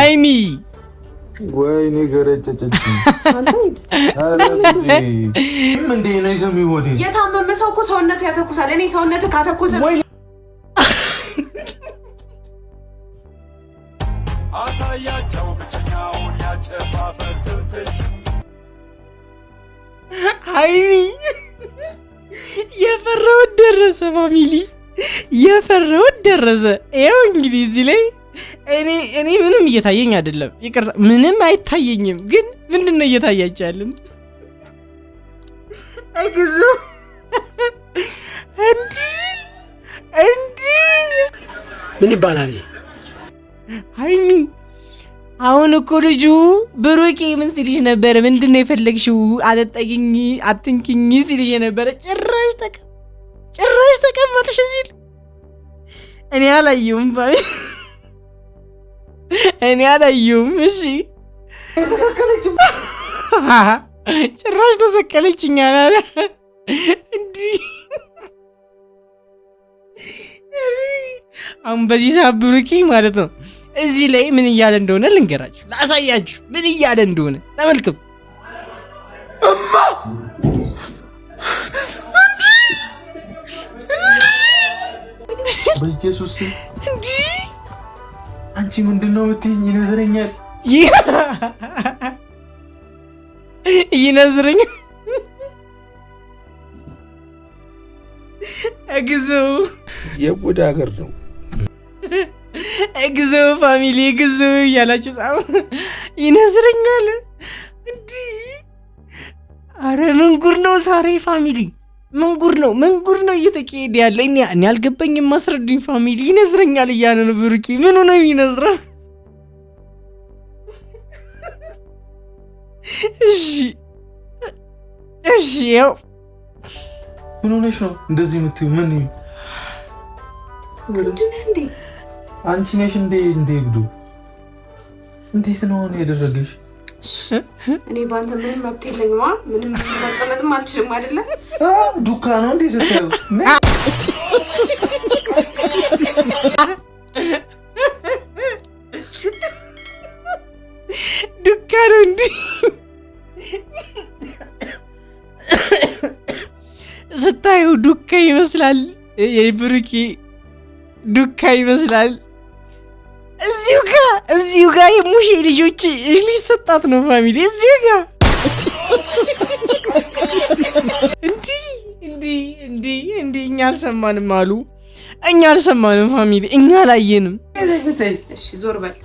አይሚ ወይኔ ገረጨጭ እንዴ ነው ይዘሚ ሆዴ የታመመ ሰው እኮ ሰውነቱ ያተኩሳል። እኔ ሰውነቱ ካተኩሰ አሳያቸው ብቸኛውን ያጨፋፈር ስልትሽ አይሚ የፈራሁት ደረሰ። ፋሚሊ የፈራሁት ደረሰ። ይኸው እንግዲህ እዚህ ላይ እኔ እኔ ምንም እየታየኝ አይደለም። ይቅርታ ምንም አይታየኝም። ግን ምንድን ነው እየታያቻልን? አይግዙ እንዲ እንዲ ምን ይባላል? ሀይሚ አሁን እኮ ልጁ ብሩኬ ምን ሲልሽ ነበረ? ምንድን ነው የፈለግሽው? አጠጠኝ አትንኪኝ ሲልሽ ነበረ። ጭራሽ ጭራሽ ተቀመጥሽ ሲል እኔ አላየሁም ባይ እኔ አላየሁም። እሺ ጭራሽ ተሰቀለችኝ አላለ እንዲህ አሁን በዚህ ሰዓት ብሩኪ ማለት ነው እዚህ ላይ ምን እያለ እንደሆነ ልንገራችሁ፣ ላሳያችሁ ምን እያለ እንደሆነ ተመልከቱ። እማ በኢየሱስ እንዲህ አንቺ ምንድን ነው የምትይኝ? ይነዝረኛል ይነዝረኛል። እግዚኦ የቡዳ ሀገር ነው። እግዚኦ ፋሚሊ፣ እግዚኦ እያላችሁ ጻፉ። ይነዝረኛል እንዲህ። አረ ምን ጉድ ነው ዛሬ ፋሚሊ ምንጉር ነው ምንጉር ነው እየተካሄደ ያለ? እኔ አልገባኝም። ማስረዱኝ ፋሚሊ ይነዝረኛል እያለ ነው ብሩኪ። ምኑ ነው ይነዝራል? እሺ እሺ፣ ያው ምን ሆነሽ ነው እንደዚህ የምትይው? ምን አንቺ ነሽ እንዴ? እንዴ ብዱ እንዴት ነው የደረገሽ? እኔ በአንተ ምንም መብት የለኝማ። ምንም መቀመጥም አልችልም። አይደለም ዱካ ነው እንዴ ስትሉ ዱካ ነው እንዲ ስታየው ዱካ ይመስላል። የብሩኪ ዱካ ይመስላል። እዚሁ ጋ እዚሁ ጋ የሙሼ ልጆች ሊሰጣት ነው ፋሚሊ እዚሁ ጋ እንዲህ እንዲህ እንዲህ እንዲህ እኛ አልሰማንም አሉ። እኛ አልሰማንም ፋሚሊ፣ እኛ አላየንም።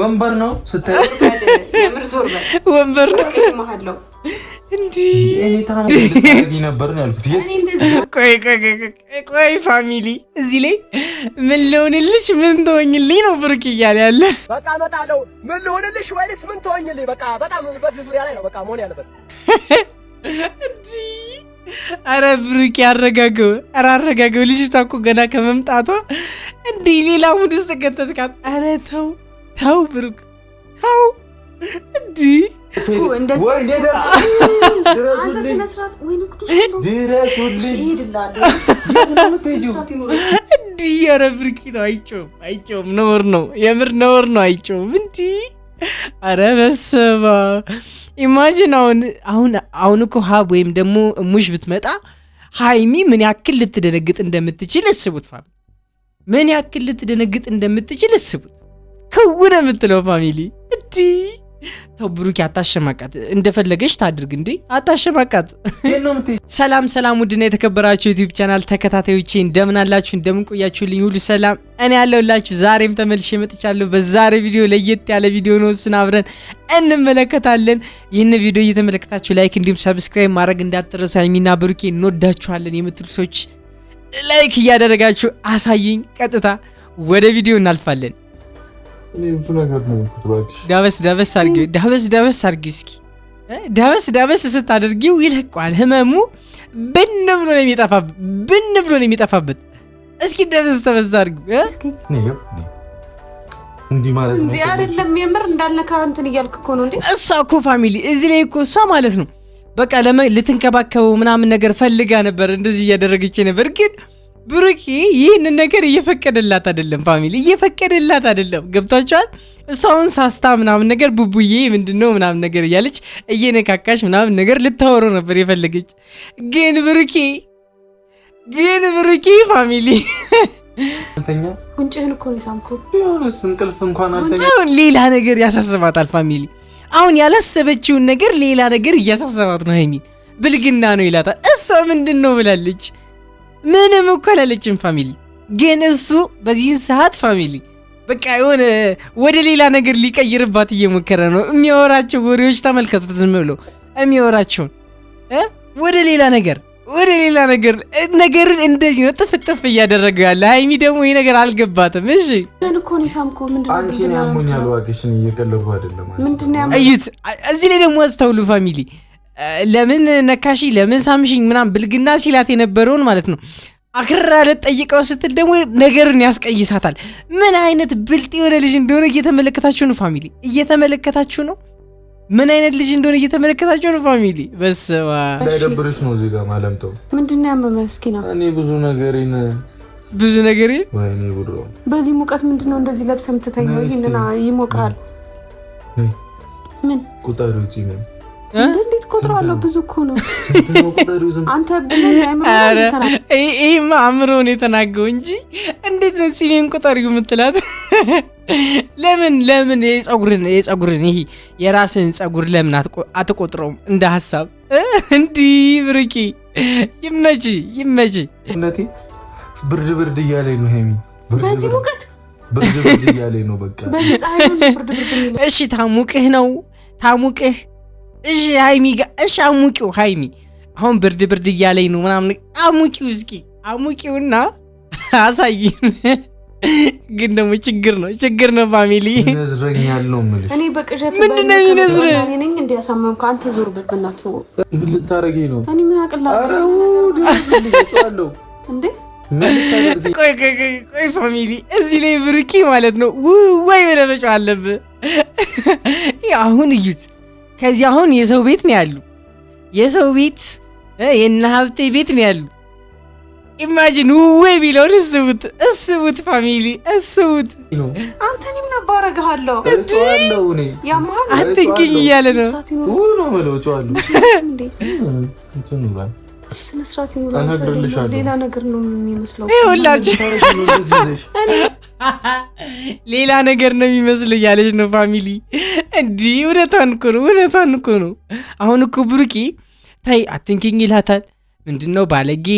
ወንበር ነው ስታይ ወንበር ነው ቆይ ፋሚሊ እዚህ ላይ ምን ልሆንልሽ ምን ትሆኝልኝ ነው ብሩክ እያለ ያለ በቃ እመጣለሁ። ምን ልሆንልሽ ወይስ ምን ትሆኝልኝ? በቃ በጣም በዚህ ዙሪያ ላይ ነው በቃ መሆን ያለበት። አረ ብሩክ አረ አረጋገው። ልጅቷ እኮ ገና ከመምጣቷ እንዲህ ሌላ ሙድ ውስጥ ከተትካት። አረ ተው ተው ብሩክ ተው እንዲህ ኧረ ብርቂ ነው። አይጮም አይጮም፣ ነውር ነው የምር ነውር ነው። አይጮም እንዲህ ኧረ በስመ አብ ኢማጂን። አሁን አሁን አሁን እኮ ሀብ ወይም ደግሞ እሙሽ ብትመጣ ሀይሚ ምን ያክል ልትደነግጥ እንደምትችል እስቡት። ፋሚሊ ምን ያክል ልትደነግጥ እንደምትችል እስቡት። ክውን የምትለው ፋሚሊ እንዲህ ተው ብሩኬ አታሸማቃት፣ እንደፈለገች ታድርግ እንዴ አታሸማቃት። ሰላም ሰላም፣ ውድና የተከበራችሁ ዩቲዩብ ቻናል ተከታታዮቼ እንደምን አላችሁ? እንደምን ቆያችሁልኝ? ሁሉ ሰላም እኔ ያለሁላችሁ ዛሬም ተመልሼ መጥቻለሁ። በዛሬ ቪዲዮ ለየት ያለ ቪዲዮ ነው፣ እሱን አብረን እንመለከታለን። ይህን ቪዲዮ እየተመለከታችሁ ላይክ እንዲሁም ሰብስክራይብ ማድረግ እንዳትረሱ። ሀይሚና ብሩኬ እንወዳችኋለን የምትሉ ሰዎች ላይክ እያደረጋችሁ አሳይኝ። ቀጥታ ወደ ቪዲዮ እናልፋለን። ዳበስ ዳበስ አድርጊው፣ ዳበስ ዳበስ አድርጊው። እስኪ ዳበስ ዳበስ ስታደርጊው ህመሙ። ብን ብሎ ነው የሚጠፋበት፣ ብን ብሎ ነው የሚጠፋበት። እስኪ ዳበስ ዳበስ አድርጊው። እንዲህ አይደለም የምር እንዳለ ከእንትን እያልክ እኮ ነው። እሷ እኮ ፋሚሊ እዚህ ላይ እኮ እሷ ማለት ነው በቃ ልትንከባከበው ምናምን ነገር ፈልጋ ነበር፣ እንደዚህ እያደረገች ነበር ግን ብሩኬ ይህንን ነገር እየፈቀደላት አይደለም። ፋሚሊ እየፈቀደላት አይደለም። ገብቷቸዋል። እሷውን ሳስታ ምናምን ነገር ቡቡዬ ምንድነው ምናምን ነገር እያለች እየነካካች ምናምን ነገር ልታወረው ነበር የፈለገች። ግን ብሩኬ ግን ብሩኬ ፋሚሊ ጉንጭህን አሁን ሌላ ነገር ያሳስባታል። ፋሚሊ አሁን ያላሰበችውን ነገር ሌላ ነገር እያሳሰባት ነው። ሀይሚን ብልግና ነው ይላታል። እሷ ምንድን ነው ብላለች ምንም እኮ አላለችም ፋሚሊ። ግን እሱ በዚህን ሰዓት ፋሚሊ በቃ የሆነ ወደ ሌላ ነገር ሊቀይርባት እየሞከረ ነው። የሚያወራቸው ወሬዎች ተመልከቱት፣ ዝም ብሎ የሚያወራቸውን ወደ ሌላ ነገር ወደ ሌላ ነገር ነገርን እንደዚህ ነው ጥፍጥፍ እያደረገ ያለ። ሀይሚ ደግሞ ይህ ነገር አልገባትም። እሺ እዩት፣ እዚህ ላይ ደግሞ አስተውሉ ፋሚሊ ለምን ነካሺ ለምን ሳምሽኝ ምናም ብልግና ሲላት የነበረውን ማለት ነው አክራ ልትጠይቀው ስትል ደግሞ ነገርን ያስቀይሳታል። ምን አይነት ብልጥ የሆነ ልጅ እንደሆነ እየተመለከታችሁ ነው ፋሚሊ፣ እየተመለከታችሁ ነው። ምን አይነት ልጅ እንደሆነ እየተመለከታችሁ ነው ፋሚሊ። በስመ አብ ነው እዚህ ጋር ማለምተው ምንድን ነው ያመመህ? እስኪ ነው እኔ ብዙ ነገሬን ብዙ ነገሬ ወይኔ ጉድ በዚህ ሙቀት ምንድን ነው እንደዚህ ለብሰህ የምትተኛው? ይህንን ይሞቃል። ምን ቁጠሪ ቁጣ ነው እንዴት ቆጥረዋለሁ? ብዙ እኮ ነው። አንተ ይህማ አእምሮን የተናገው እንጂ እንዴት ነው ጺሜን ቁጠሪው የምትላት? ለምን ለምን የጸጉርን የጸጉርን ይሄ የራስን ጸጉር ለምን አትቆጥረውም? እንደ ሀሳብ እንዲህ ብርቂ ይመጂ ይመጂ ብርድ ብርድ እያለኝ ነው ሄሚ፣ በዚህ ሙቀት ብርድ ብርድ እያለኝ ነው። በቃ እሺ ታሙቅህ ነው ታሙቅህ እሺ ሃይሚ ጋር እሺ፣ አሙቂው ሃይሚ አሁን ብርድ ብርድ እያለኝ ነው ምናምን፣ አሙቂው እስኪ አሙቂውና አሳይ ግን ደግሞ ችግር ነው ችግር ነው ፋሚሊ፣ ምንድነው ይነዝር ቆይ ፋሚሊ፣ እዚህ ላይ ብርኪ ማለት ነው ወይ በለበጫ አለብ አሁን እዩት ከዚህ አሁን የሰው ቤት ነው ያሉ፣ የሰው ቤት የእነ ሀብቴ ቤት ነው ያሉ። ኢማጂን ውዌ ቢለውን እስቡት፣ እስቡት ፋሚሊ እስቡት። አንተ እኔም ነበር አደርግሃለሁ አትንኪኝ እያለ ነው ሌላ ነገር ነው የሚመስለው። የሚመስል እያለች ነው ፋሚሊ። እንዲህ እውነቷን እኮ ነው፣ እውነቷን እኮ ነው። አሁን እኮ ብሩቂ ታይ አትንኪኝ ይላታል። ምንድን ነው ባለጌ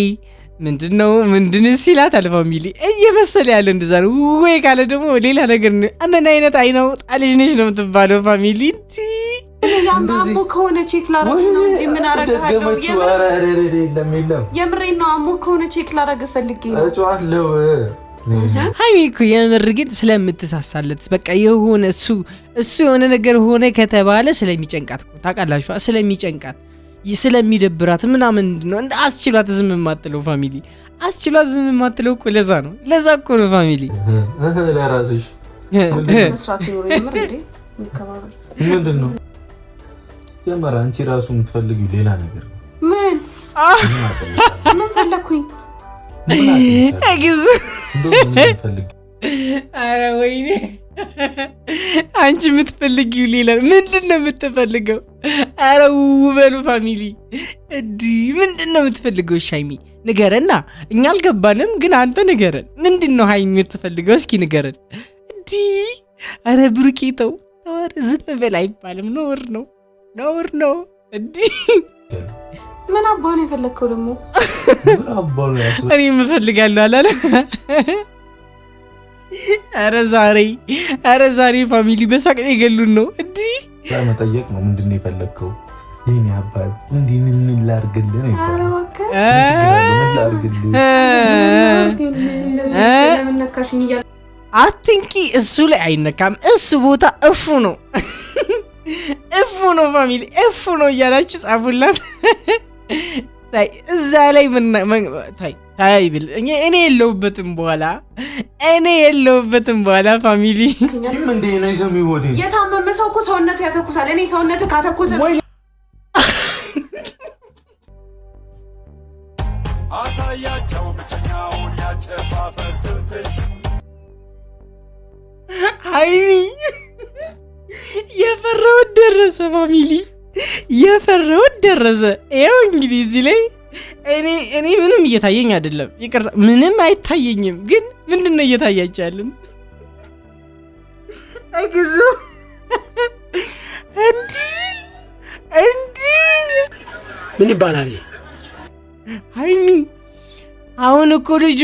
ምንድን ነው ምንድንስ ይላታል ፋሚሊ። እየመሰለ ያለ እንደዛ ነው ወይ ካለ ደግሞ ሌላ ነገር ነው። ምን አይነት አይናውጣ ልጅ ነች ነው የምትባለው ፋሚሊ እንዲህ አሞ ከሆነ ቼክ ላረግ ነው እንጂ ምን አረጋለሁ? የምሬ ነው። አሞ ከሆነ ቼክ ላረግ ፈልጌ ነው። ሀይሚ እኮ የምር ግን ስለምትሳሳለት በቃ የሆነ እሱ እሱ የሆነ ነገር ሆነ ከተባለ ስለሚጨንቃት ታውቃላችሁ፣ ስለሚጨንቃት ስለሚደብራት ምናምን ነው አስችሏት ዝም የማትለው ፋሚሊ አስችሏት ዝም የማትለው እኮ ለዛ ነው። ለዛ እኮ ነው ፋሚሊ ለራስሽ ምንድን ነው የምር አንቺ ራሱ የምትፈልጊው ሌላ ነገር ምን ምን ፈለግኩኝ? አረ ወይኔ አንቺ የምትፈልጊው ሌላ ምንድን ነው የምትፈልገው? አረ ውበሉ ፋሚሊ እዲ ምንድን ነው የምትፈልገው? ሻይሚ ንገረና፣ እኛ አልገባንም፣ ግን አንተ ንገረን። ምንድን ነው ሀይሚ የምትፈልገው? እስኪ ንገረን እዲ አረ ብሩኬ ተው፣ ዝም በል አይባልም፣ ነውር ነው ነውር ነው። እንዲህ ምን አባ ነው የፈለግከው? ደግሞ እኔ የምፈልጋለሁ አላለ። አረ ዛሬ አረ ዛሬ ፋሚሊ በሳቅ የገሉን ነው። እንዲህ መጠየቅ ነው። ምንድን ነው የፈለግከው? ይህን ያባል እንዲህ ምን ላድርግልህ ነው አትንቂ፣ እሱ ላይ አይነካም። እሱ ቦታ እፉ ነው። እፉ ነው ፋሚሊ እፉ ነው እያላችሁ ጻፉላት። ታይ እዛ ላይ ታይ ታይ ብል እኔ የለውበትም በኋላ እኔ የለውበትም በኋላ ፋሚሊ የታመመ ሰው እኮ ሰውነቱ ያተኩሳል። እኔ ሰውነቱ ካተኩሰ አሳያቸው ብቸኛውን ያጨፋፈ ስልትሽ ሀይሚ የፈራሁት ደረሰ። ፋሚሊ የፈራሁት ደረሰ። ይኸው እንግዲህ እዚህ ላይ እኔ እኔ ምንም እየታየኝ አይደለም፣ ይቅርታ ምንም አይታየኝም። ግን ምንድን ነው እየታያቻለን ግዙ እንዲ እንዲ ምን ይባላል ሀይሚ አሁን እኮ ልጁ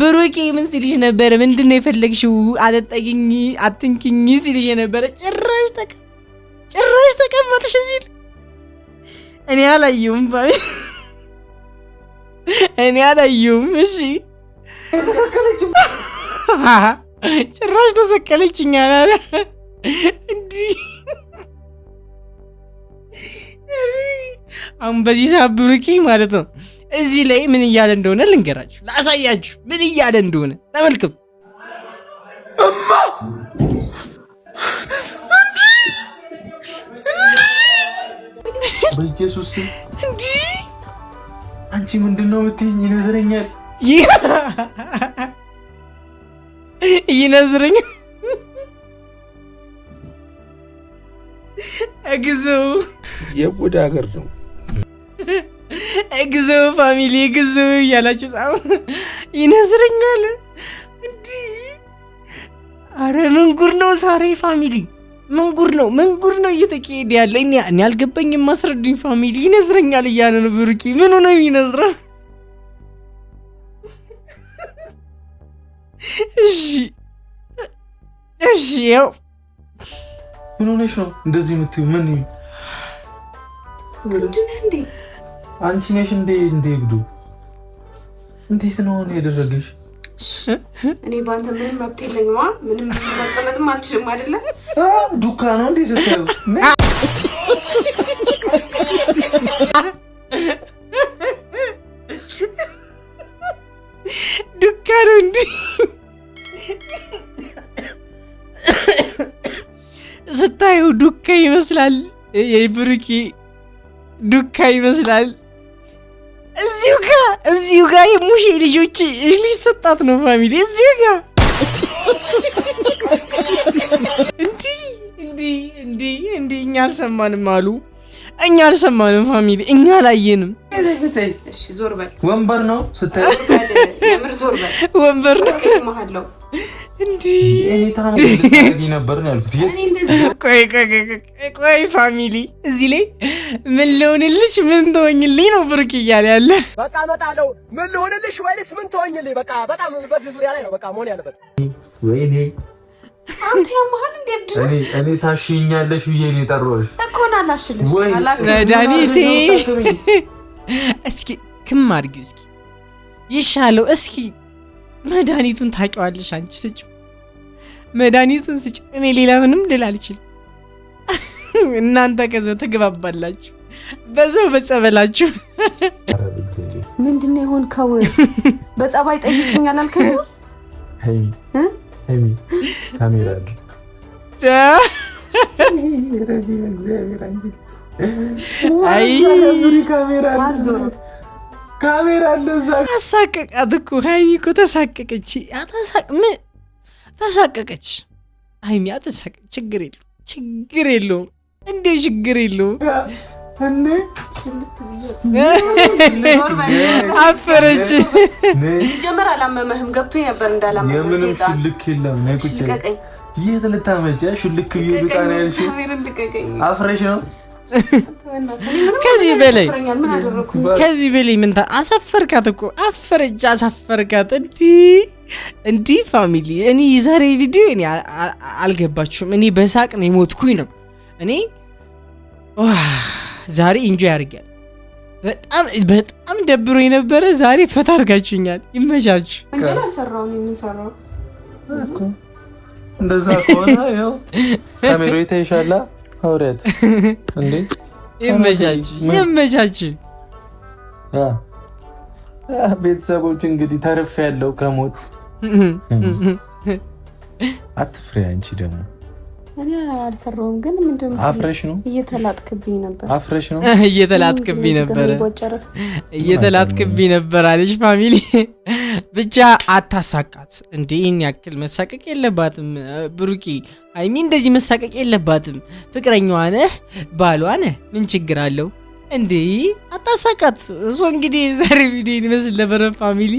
ብሩቂ ምን ሲልሽ ነበረ? ምንድን ነው የፈለግሽው? አጠጠቅኝ አትንኪኝ ሲልሽ ነበረ። ጭራሽ ተቀ ጭራሽ ተቀመጥሽ ሲል እኔ አላየሁም፣ እኔ አላየሁም። እሺ ጭራሽ ተሰቀለችኝ አላለ እንዲህ አሁን በዚህ ሰዓት ብሩቂ ማለት ነው እዚህ ላይ ምን እያለ እንደሆነ ልንገራችሁ፣ ላሳያችሁ ምን እያለ እንደሆነ ተመልከቱ። እማ በኢየሱስ እንዲህ አንቺ ምንድን ነው የምትይኝ? ይነዝረኛል፣ ይነዝረኛል። እግዚኦ የቆዳ ሀገር ነው ግዙ ፋሚሊ ግዙ እያላችሁ ጻፉ። ይነዝርኛል እንዲህ። አረ ምንጉር ነው ዛሬ ፋሚሊ ምንጉር ነው ምንጉር ነው እየተካሄደ ያለ። እኔ እኔ አልገባኝም፣ አስረዱኝ ፋሚሊ። ይነዝረኛል እያለ ነው ብሩኪ። ምኑ ነው የሚነዝረው? እሺ እሺ፣ ያው ምን ሆነሽ ነው እንደዚህ የምትይው? ምን ምንድን እንዴ አንቺ ነሽ እንዴ? እንዴ ብዱ እንዴት ነው ነው ያደረገሽ? እኔ ባንተ ምንም መብት የለኝማ። ምንም መቀመጥም አልችልም አይደለ? ዱካ ነው እንዴ ስትለው ዱካ ነው እንዴ ዱካ ይመስላል። የብሩኪ ዱካ ይመስላል። እዚሁ ጋር የሙሼ ልጆች ሊሰጣት ነው ፋሚሊ እዚሁ ጋር እንዲህ እንዲህ እንዲህ እንዲህ እኛ አልሰማንም አሉ። እኛ አልሰማንም ፋሚሊ፣ እኛ አላየንም። ወንበር ነው ስታይ ወንበር ነው ቆይ ፋሚሊ እዚህ ላይ ምን ልሆንልሽ ምን ትሆኝልኝ ነው ብሩክ እያለ ያለ በቃ እመጣለሁ። ምን ልሆንልሽ ወይስ ምን ትሆኝልኝ? በቃ በጣም በዚህ ዙሪያ ላይ ነው በቃ መሆን ያለበት። ወይኔ እንዴ? እኔ ታሽኛለሽ ብዬ ነው እኮ መድኃኒቴ። እስኪ ክም አድርጊው እስኪ ይሻለው እስኪ መድኃኒቱን ታውቂዋለሽ አንቺ ስጭው፣ መድኃኒቱን ስጭ። እኔ ሌላ ምንም ልል አልችልም። እናንተ ከዚያው ተግባባላችሁ፣ በዛው በጸበላችሁ። ምንድን ነው የሆንከው? በጸባይ ጠይቀኛል አልከኝ። ካሜራ ካሜራ እንደዛ አሳቀቃት እኮ ሀይሚ እኮ ተሳቀቀች፣ ተሳቀቀች። ሀይሚ አተሳቀቀች። ችግር የለውም፣ ችግር የለውም። እንዴ ችግር የለውም። አፈረች። ሲጀመር አላመመህም። ገብቶ ነበር እንዳላመመህ የምንም ሹልክ የለም። ነይ ቁጭ። የት ልታመጪ ሹልክ ቢሆን ቃና ያልሽው አፍረሽ ነው ከዚህ በላይ ከዚህ በላይ ምን አሳፈርካት እኮ አፈረች፣ አሳፈርካት። እንዲ እንዲ ፋሚሊ፣ እኔ የዛሬ ቪዲዮ እኔ አልገባችሁም። እኔ በሳቅ ነው የሞትኩኝ ነው እኔ ዛሬ እንጆ ያርጋል በጣም በጣም ደብሮ የነበረ ዛሬ ፈታ አድርጋችሁኛል። ይመቻችሁ። እንደዛ ከሆነ ያው ካሜሮ ይታይሻላ አውሪያት እንዴ ይመቻች ይመቻች። ቤተሰቦች እንግዲህ ተርፍ ያለው ከሞት አትፍሬ። አንቺ ደግሞ እኔ አልፈራሁም፣ ግን ምንድን ነው አፍረሽ ነው እየተላጥክብኝ ነበር፣ አፍረሽ ነው እየተላጥክብኝ ነበር፣ እየተላጥክብኝ ነበር አለች ፋሚሊ ብቻ አታሳቃት። እንዲህን ያክል መሳቀቅ የለባትም ብሩኪ። ሀይሚ እንደዚህ መሳቀቅ የለባትም። ፍቅረኛዋ ነህ፣ ባሏ ነህ። ምን ችግር አለው? እንዲህ አታሳቃት። እሱ እንግዲህ ዛሬ ቪዲዮ ይመስል ነበረ ፋሚሊ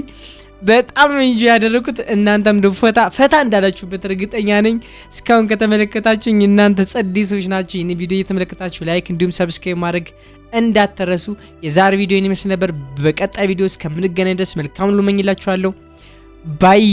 በጣም እንጂ ያደረኩት እናንተም ደሞ ፈታ ፈታ እንዳላችሁበት እርግጠኛ ነኝ። እስካሁን ከተመለከታችሁኝ እናንተ ጸዲሶች ናቸው። ይህን ቪዲዮ እየተመለከታችሁ ላይክ እንዲሁም ሰብስክራይብ ማድረግ እንዳትረሱ። የዛሬ ቪዲዮ ይመስል ነበር። በቀጣይ ቪዲዮ እስከምንገናኝ ድረስ መልካም ሁሉ እመኝላችኋለሁ። ባይ